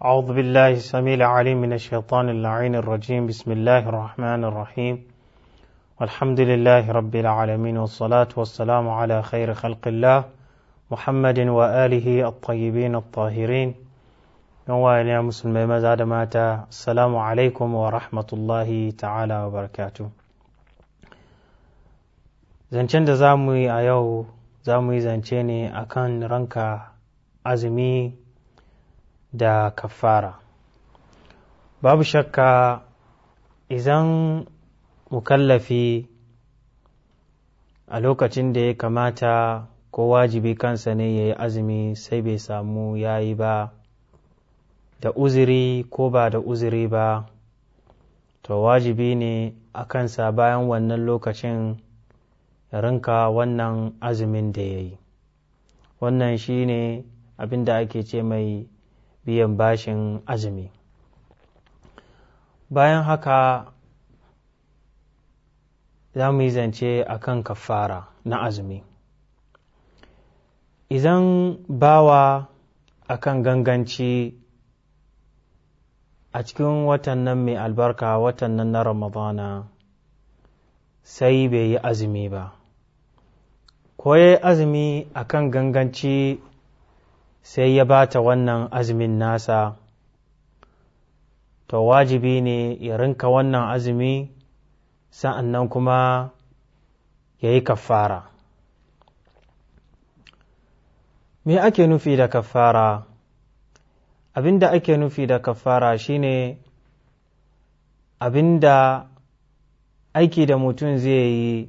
أعوذ بالله السميع العليم من الشيطان اللعين الرجيم بسم الله الرحمن الرحيم والحمد لله رب العالمين والصلاة والسلام على خير خلق الله محمد وآله الطيبين الطاهرين يا مسلمين مزاد ماتا السلام عليكم ورحمة الله تعالى وبركاته zancen da za mu yi a yau za mu yi zance ne a kan ranka azumi da kafara babu shakka mu mukallafi a lokacin da ya kamata ko wajibi kansa ne ya yi azumi sai bai samu ya yi ba da uziri ko ba da uziri ba to wajibi ne a kansa bayan wannan lokacin ya rinka wannan azumin da ya yi wannan shi ne abin da ake ce mai biyan bashin azumi bayan haka za mu yi zance a kan kafara na azumi idan bawa a kan ganganci a cikin watannan mai albarka watan na ramadana sai bai yi azumi ba ko azumi a kan ganganci sai ya bata wannan azumin nasa to wajibi ne ya rinka wannan azumi sa'an nan kuma ya yi kafara me ake nufi da kafara abinda ake nufi da kafara shine da aiki da mutum zai yi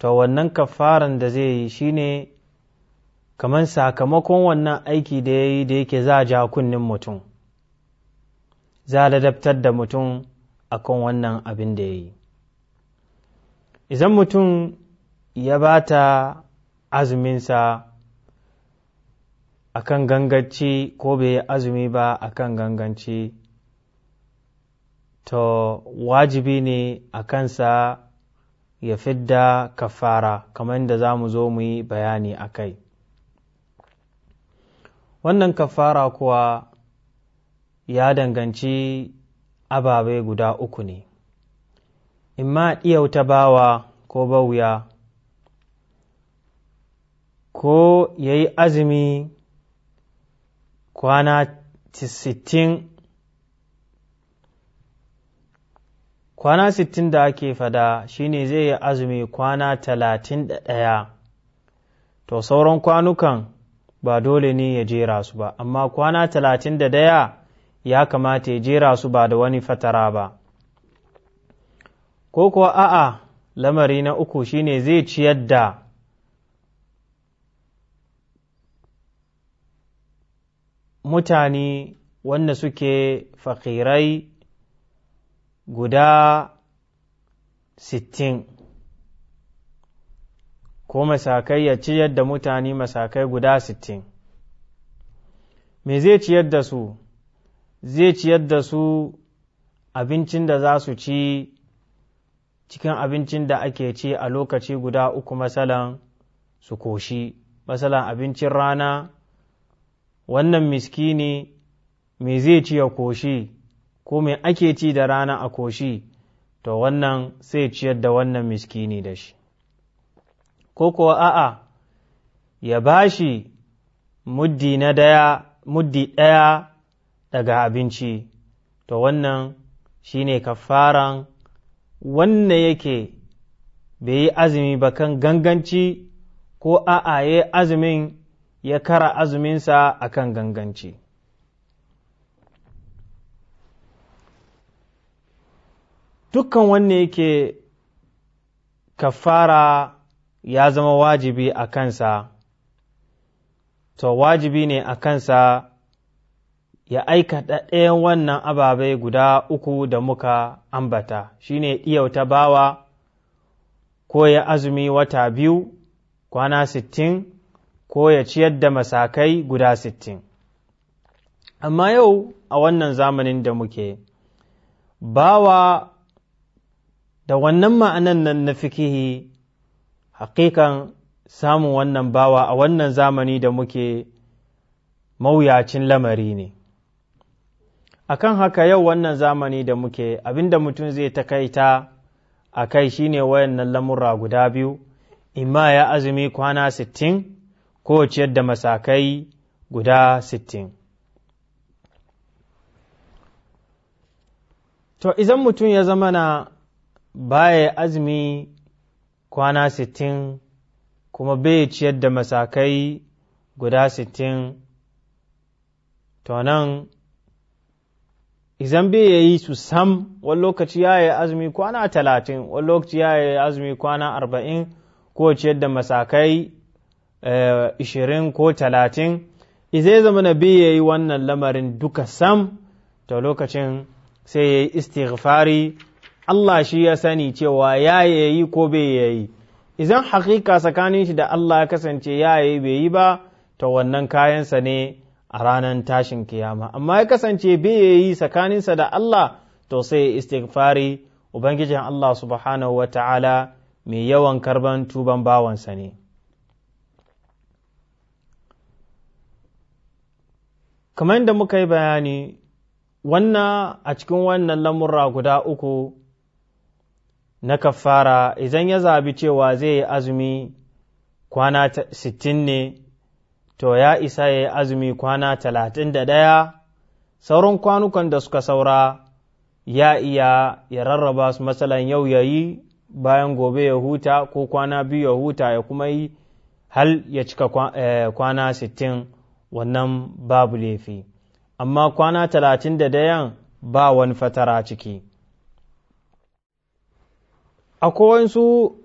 to wannan kafaran da zai yi shine kamar sakamakon wannan aiki da ya yi da yake za a ja kunnin mutum za a ladabtar da mutum a kan wannan abin da ya yi idan mutum ya ba ta azuminsa a kan ganganci ko bai yi azumi ba a kan ganganci to wajibi ne a kansa ya fidda kafara kamar da za mu zo mu yi bayani a kai wannan kafara kuwa ya danganci ababe guda uku ne in ma ɗiyauta bawa ko bauya ko ya yi azumi kwana sittin kwana sittin da ake fada shine zai yi azumi kwana talatin da ɗaya to sauran kwanukan ba dole ne ya jera su ba amma kwana talatin da daya ya kamata ya jera su ba da wani fatara ba ko kuwa a'a lamari na uku shi ne zai ciyar da mutane wanda suke fakirai guda sittin ko masakai ya ciyar da mutane masakai guda sittin me zai ciyar da su zai ciyar da su abincin da za su ci cikin abincin da ake ci a lokaci guda uku masalan su koshi masalan abincin rana wannan miskini me zai ci ya koshi ko me ake ci da rana a koshi to wannan sai ciyar da wannan miskini da shi ko kuwa a'a ya ba shi muddi na daya muddi ɗaya daga abinci to wannan shi ne kafaran wannan yake bai yi azumi ba kan ganganci ko a'a ya azumin ya kara azuminsa a kan ganganci dukkan wanda yake kafara ya zama wajibi a kansa, to wajibi ne a kansa ya aikata ɗayan wannan ababai guda uku da muka ambata, shi ne ɗiyauta bawa ko ya azumi wata biyu kwana sittin ko ya ciyar da masakai guda sittin. Amma yau a wannan zamanin da muke, bawa da wannan ma'anan nan na fikihi hakikan samun wannan bawa a wannan zamani da muke mawuyacin lamari ne akan haka yau wannan zamani da muke abinda mutum zai ta a kai shine wayannan lamura guda biyu imma ya azumi kwana sittin ko ciyar da masakai guda sittin to izan mutum ya zama na baya azumi kwana sittin kuma bai ciyar da masakai guda sittin tonan nan izan bai ya yi su sam wani lokaci ya yi azumi kwana talatin wani lokaci ya yi azumi kwana arba'in ko ciyar da masakai eh, ishirin ko talatin izai zama na bai ya yi wannan lamarin duka sam to lokacin sai ya yi istighfari Allah shi ya sani cewa ya yayi ko bai yayi idan haƙiƙa tsakanin shi da Allah ya kasance ya yayi bai yi ba to wannan kayansa ne a ranar tashin kiyama amma ya kasance bai yayi tsakaninsa da Allah to sai istighfari ubangijin Allah subhanahu wa ta'ala mai yawan karban tuban bawansa ne kamar da muka yi bayani wannan a cikin wannan lamurra guda uku na kafara idan ya zabi cewa zai yi azumi kwana sittin ne to ya isa ya yi azumi kwana talatin da ɗaya sauran kwanukan da suka saura ya iya ya rarraba su matsalan yau ya yi bayan gobe ya huta ko kwana biyu ya huta ya kuma yi hal ya cika eh, kwana sittin wannan babu laifi amma kwana talatin da dayan ba wani fatara ciki akwai wasu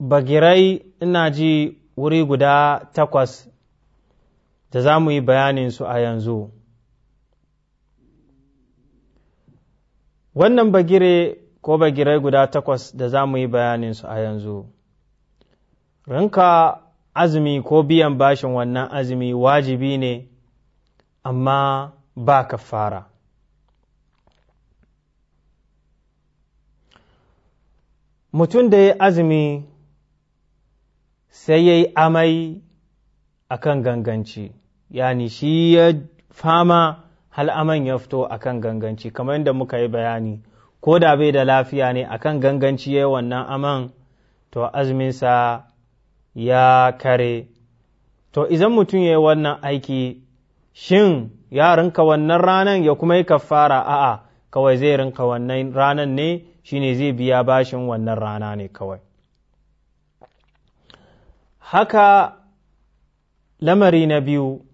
bagirai ina ji wuri guda takwas da za mu yi bayaninsu a yanzu wannan bagire ko bagirai guda takwas da za mu yi bayaninsu a yanzu rinka azumi ko biyan bashin wannan azumi wajibi ne amma ba kafara fara mutum da ya azumi sai ya yi amai a kan ganganci yani shi ya fama hal aman ya fito a kan ganganci kamar yadda muka yi bayani ko da bai da lafiya ne a kan ganganci ya yi wannan aman to azuminsa ya kare to idan mutum ya yi wannan aiki shin ya rinka wannan ranan ya kuma yi kafara a'a kawai zai rinka wannan ranan ne shine zai biya bashin wannan rana ne kawai haka lamari na biyu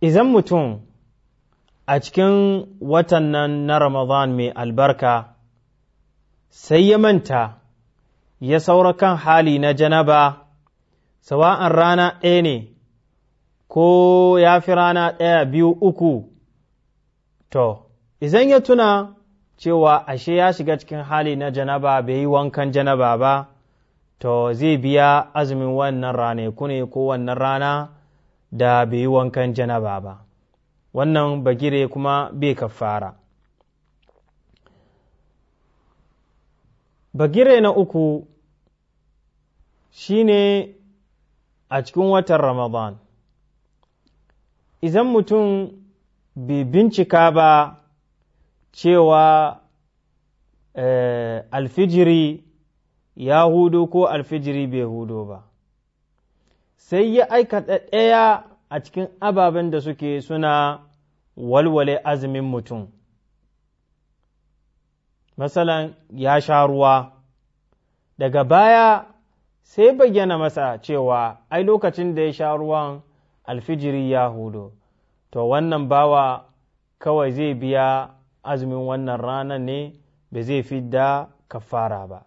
izan mutum a cikin watan nan na ramadan mai albarka sai ya manta ya saura kan hali na janaba sawa'an rana ɗaya ne ko ya fi rana ɗaya biyu uku to izan ya tuna cewa ashe ya shiga cikin hali na janaba bai yi wankan janaba ba to zai biya azumin wannan rana ku ne ko wannan rana da bai yi wankan janaba ba wannan bagire kuma bai kafara bagire na uku shine a cikin watan ramadan idan mutum bai bincika ba cewa eh, alfijiri ya hudu ko alfijiri bai hudu ba sai ya aikata ɗaya a cikin ababen da suke suna walwale azumin mutum masalan ya sha ruwa daga baya sai bayyana masa cewa ai lokacin da ya sha ruwan alfijiri ya hudu to wannan bawa kawai zai biya azumin wannan ranar ne ba zai fi da kafara ba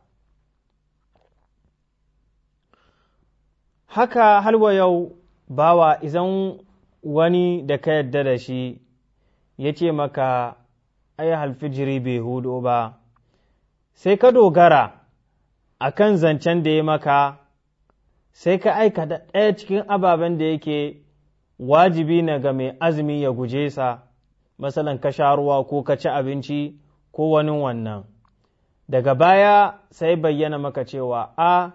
haka halwa yau bawa izan wani da ka yadda da shi ya ce maka ai halfijiri bai hudu ba sai ka dogara a kan zancen da ya maka sai ka aikata ɗaya cikin ababen da yake wajibi na ga mai azumi ya guje sa masalan ka sha ruwa ko ka ci abinci ko wani wannan daga baya sai bayyana maka cewa a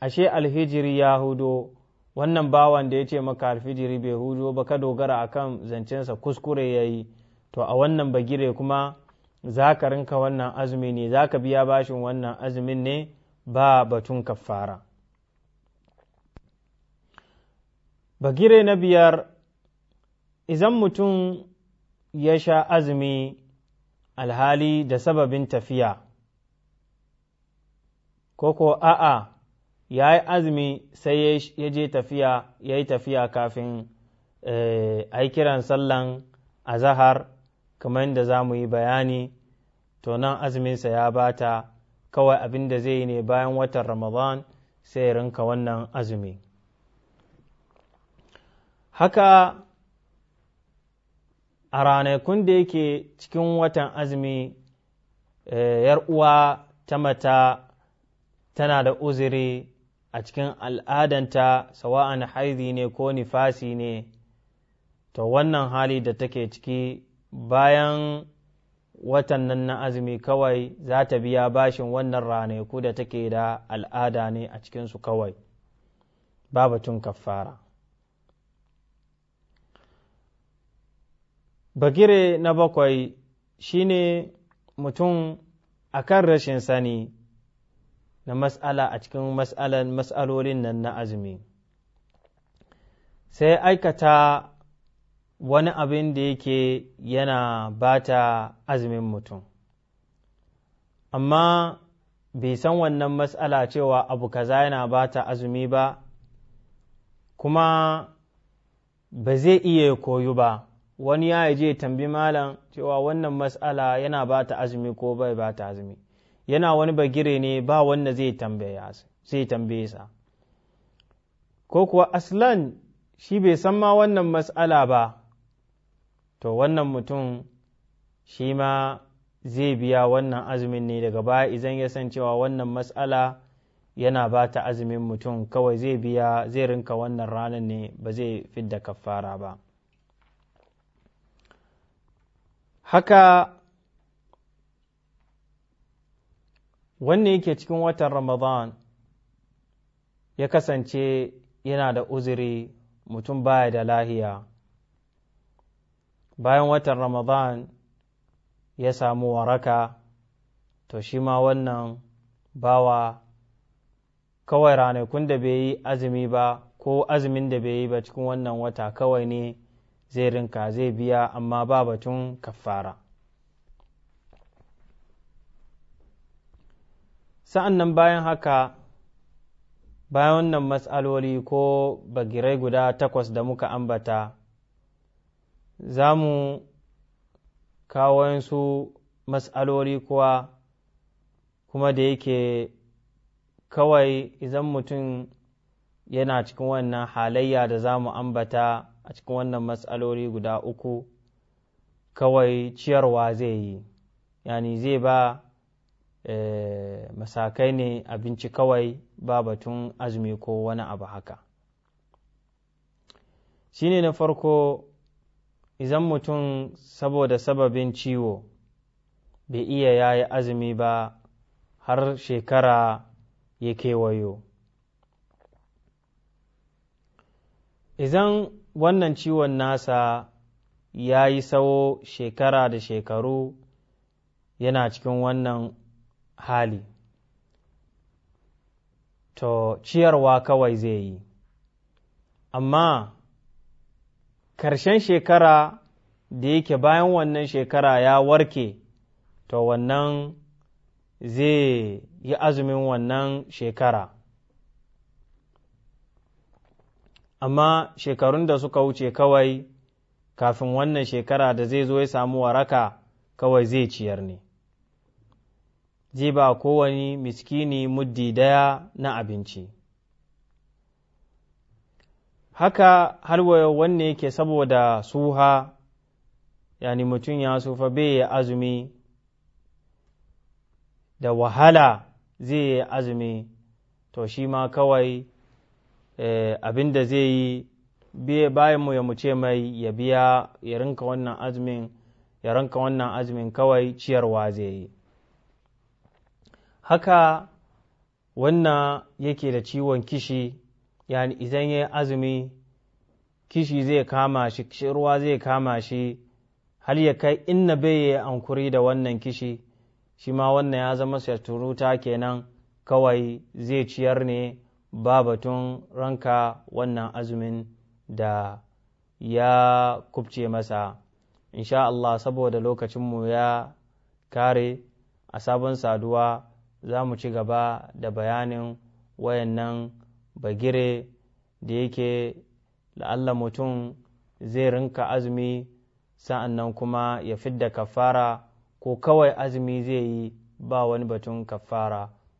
ashe alhijiri ya hudo wannan bawan da ya ce maka alhijiri bai hudo ba ka dogara a kan zancensa kuskure ya yi to a wannan bagire kuma za ka rinka wannan azumi ne za ka biya bashin wannan azumin ne ba batun kafara bagire na biyar idan mutum ya sha azumi alhali da sababin tafiya, koko a'a ya yi azumi sai ya je tafiya ya yi tafiya kafin eh, a yi kiran sallan azahar kamar yadda za mu yi bayani to nan azuminsa ya bata kawai abin da zai yi ne bayan watan ramadan sai rinka wannan azumi haka a ranakun da yake cikin watan azumi eh, yar uwa ta mata tana da uzuri a cikin al'adanta sawa'an haizi ne ko nifasi ne to wannan hali da take ciki bayan watan nan na azumi kawai za ta biya bashin wannan ranaku da take da al'ada ne a cikinsu kawai babatun kaffara bagire na bakwai shine mutum a kan rashin sani na mas'ala a cikin mas'alan mas'alolin nan na azumi sai aikata wani abin da yake yana bata azumin mutum amma bai san wannan matsala cewa abu kaza yana bata azumi ba kuma ba zai iya koyu ba wani ya je tambi malam cewa wannan mas'ala yana ba ta azumi ko bai ba ta azumi yana wani bagire ne ba wanda zai tambaye sa ko kuwa aslan shi bai san ma wannan mas'ala ba to wannan mutum shi ma zai biya wannan azumin ne daga baya idan ya san cewa wannan mas'ala yana ba ta azumin mutum kawai zai biya zai rinka wannan ranar ne ba zai fidda kaffara ba haka wannan yake cikin watan ramadan ya kasance yana da uzuri mutum baya da lahiya bayan watan ramadan ya samu waraka to shi ma wannan bawa kawai ranakun da bai yi azumi ba ko azumin da bai yi ba cikin wannan wata kawai ne zai rinka zai biya amma ba batun kafara sa'an nan bayan haka bayan wannan matsaloli ko bagirai guda takwas da muka ambata za mu kawo su matsaloli kuwa kuma da yake kawai idan mutum yana cikin wannan halayya da za mu ambata a cikin wannan matsaloli guda uku kawai ciyarwa zai yi yani zai ba eh, masakai ne abinci kawai ba batun azumi ko wani abu haka Shi ne na farko izan mutum saboda sababin ciwo bai iya yayi azumi ba har shekara ya kewayo idan wannan ciwon nasa ya yi sawo shekara da shekaru yana cikin wannan hali to ciyarwa kawai zai yi amma ƙarshen shekara da yake bayan wannan shekara ya warke to wannan zai yi azumin wannan shekara amma shekarun da suka wuce kawai kafin wannan shekara da zai zo ya samu waraka kawai zai ciyar ne zai ba kowani miskini muddi daya na abinci haka halwaya wanne yake saboda suha yani mutum ya sufa bai yi azumi da wahala zai yi azumi to shi ma kawai Eh, abin da zai yi bayan mu ya mu ce mai ya biya ya rinka wannan azumin ya rinka wannan azumin kawai ciyarwa zai yi haka wannan yake da ciwon kishi yani idan ya azumi kishi zai kama shi ciyarwa zai kama shi har ya kai inna bai yi ankuri da wannan kishi shi ma wannan ya zama turuta kenan kawai zai ciyar ne ba batun ranka wannan azumin da ya kubce masa insha Allah saboda lokacinmu ya kare a sabon saduwa za mu ci gaba da bayanin wayannan bagire da yake la'alla mutum zai rinka azumi sa'an nan kuma ya fidda kafara ko kawai azumi zai yi ba wani batun kafara